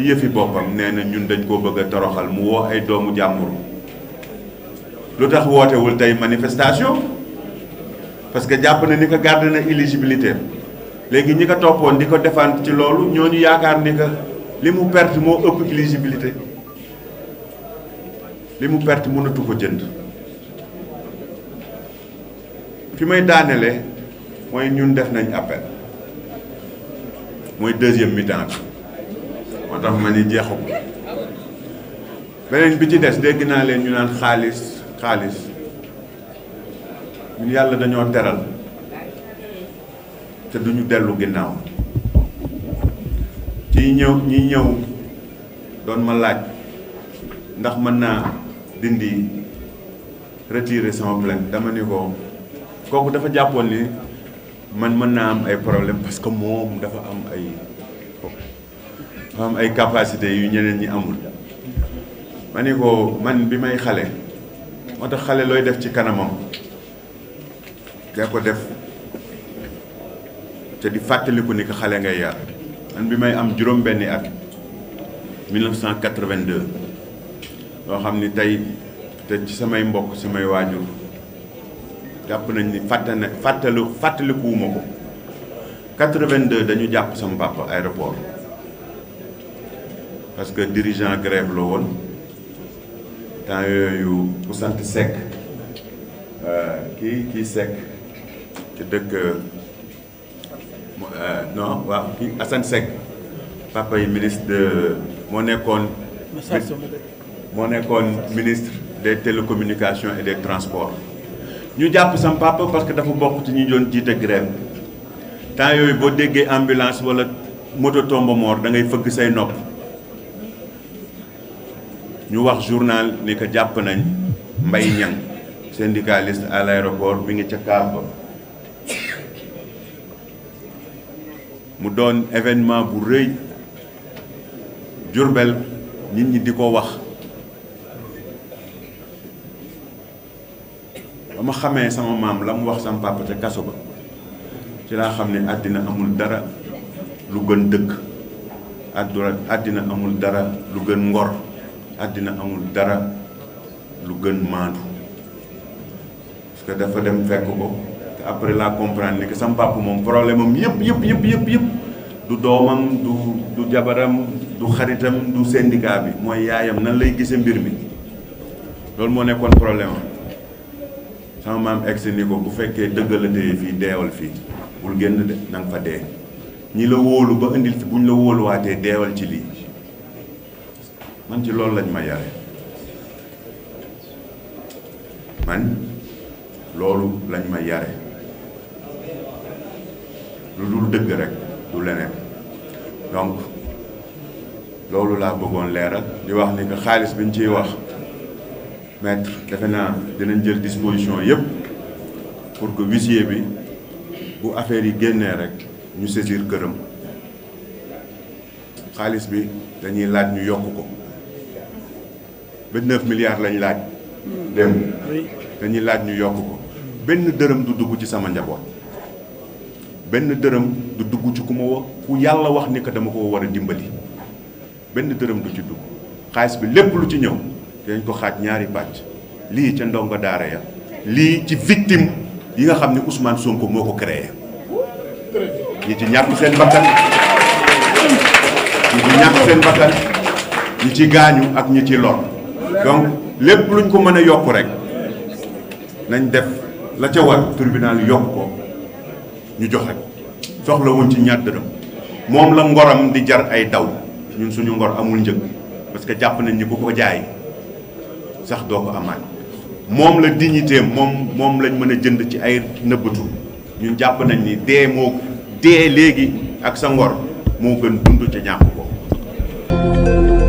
ci yëfi boppam nee na ñun dañ koo bëgg a toroxal mu woo ay doomu jàmbur lu tax wootewul tey manifestation parce que jàpp na ni ko garde na éligibilité léegi ñi ko toppoon di ko défendre ci loolu ñu yaakaar ni que li mu perte moo ëpp éligibilité li mu perte mënatu ko jënd fi may daanele mooy ñun def nañ appel mooy deuxième mi moo tax ma ni jeexu beneen bi ci des dégg naa leen ñu naan xaalis xaalis ñun yàlla dañoo teral te duñu dellu ginnaaw ci ñëw ñi ñëw doon ma laaj ndax mën naa dindi retirer sama plainte dama ni ko kooku dafa jàppoon ni man mën naa am ay problème parce que moom dafa am ay dafa am ay capacité yu ñeneen ñi amul ma ni ko man bi may xale moo tax xale looy def ci kanamam dee ko def te di fàttaliku ni ko xale ngay yar man bi may am juróom benni at 1982 loo xam ni tey te ci samay mbokk samay waajur jàpp nañ ni fàtte na fàttalu fàttalikuwuma ko 82 dañu jàpp sama papa aéroport parce que dirigeant grève la woon temps yooyu ku sant Seck euh, kii ki Seck te dëkk euh, non waaw kii Assane Seck papa yi ministre de moo nekkoon moo nekkoon ministre des télécommunications et des transports ñu jàpp sam papa parce que dafa bokk ci ñu doon jiite grève temps yooyu boo déggee ambulance wala moto tombe mort da ngay fëgg say nopp ñu wax journal ni jàpp nañ mbay Niang syndicaliste à l'aéroport bi ngi ca kaar ba mu doon événement bu rëy Jurbel nit ñi di ko wax ba ma xamee sama maam la mu wax sama papa ca kaso ba ci laa xam ne àddina amul dara lu gën dëkk àdduna àddina amul dara lu gën ngor àddina amul dara lu gën maandu parce que dafa dem fekk ko te après la comprendre ni sama papa moom problème am yëpp yëpp yëpp yëpp yëpp du doomam du du jabaram du xaritam du syndicat bi mooy yaayam nan lay gise mbir mi loolu moo nekkoon problème am sama maam egg ni ko bu fekkee dëggalatee fii deewal fii bul génn de na fa dee ñi la wóolu ba indil fi bu ñu la wóoluwaatee deewal ci lii man ci loolu lañ ma yare man loolu lañ ma yare lu dul dëgg rek du leneen donc loolu laa bëggoon leeral di wax ni que xaalis bi ñu ciy wax maître defe naa dinañ jël disposition yépp pour que huissier bi bu affaire yi génnee rek ñu saisir këram xaalis bi dañuy laaj ñu yokk ko ba 9 milliards lañ laaj. démb dañuy laaj ñu yokk benn dërëm du dugg ci sama njaboot benn dërëm du dugg ci ku ma ku yàlla wax ni dama ko war a dimbali benn dërëm du ci dugg xaalis bi lépp lu ci ñëw dañ ko xaaj ñaari pàcc lii ca ndongo daara ya lii ci victime yi nga xam ne Ousmane Sonko moo ko créé ñi ci ñi ci ñàkk seen bakkan ñi ci gaañu ak ñi ci lor donc lépp lu luñ ko mën a yokk rek nañ def la ca war tribunal yokk ko ñu joxe ko soxla wuñ ci ñaar dërëm moom la ngoram di jar ay daw ñun suñu ngor amul njëg parce que jàpp nañ ni ku ko jaay sax doo ko amaat moom la di dignité moom moom lañ mën a jënd ci ay nëbbatu ñun jàpp nañ ni dee moo dee léegi ak sa ngor moo gën dund ca ñàkk ko